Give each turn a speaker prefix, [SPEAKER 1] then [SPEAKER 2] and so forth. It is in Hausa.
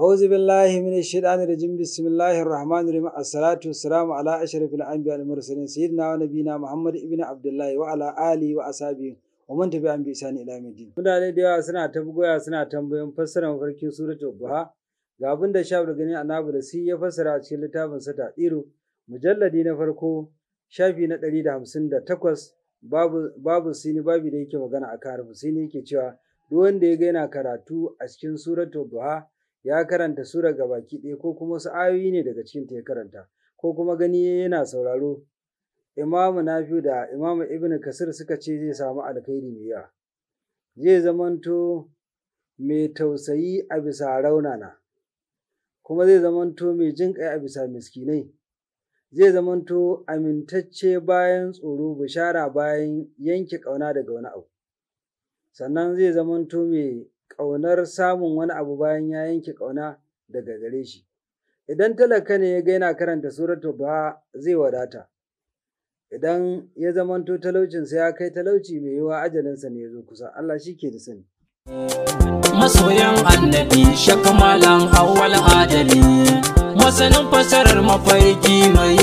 [SPEAKER 1] أعوذ بالله من الشيطان الرجيم بسم الله الرحمن الرحيم الصلاة والسلام على أشرف الأنبياء والمرسلين سيدنا ونبينا محمد ابن عبد الله وعلى آله وأصحابه ومن تبعهم بإحسان إلى يوم الدين. Mutane da yawa suna ta bugoya suna tambayoyin fassarar mafarkin suratul Duha ga abin da Shabu gani Annabi da ya fassara a cikin littafin sata Tadiru mujalladi na farko shafi na ɗari da da babu babu sini babu da yake magana a harfi sini yake cewa duk wanda ya ga yana karatu a cikin suratul Duha ya karanta sura ga baki ɗaya ko kuma wasu ayoyi ne daga cikin ya karanta ko kuma gani yana sauraro imamu nafi'u da imamu ibn kasir suka ce zai samu alkhairi mai yawa zai zamanto mai tausayi a bisa raunana kuma zai zamanto mai jin ƙai a bisa miskinai zai zamanto amintacce bayan tsoro bishara bayan yanke ƙauna daga wani abu sannan zai zamanto mai ƙaunar samun wani abu bayan ya yanke ƙauna daga gare shi. Idan talaka ne ya gaina karanta suratu ba zai wadata. Idan ya zamanto talaucinsa ya kai talauci mai yiwa ajalinsa ne ya zo kusa, Allah shi ke da sani.
[SPEAKER 2] Masoyan annabi shakamalan awwal adali, masanin fasarar mafarki mai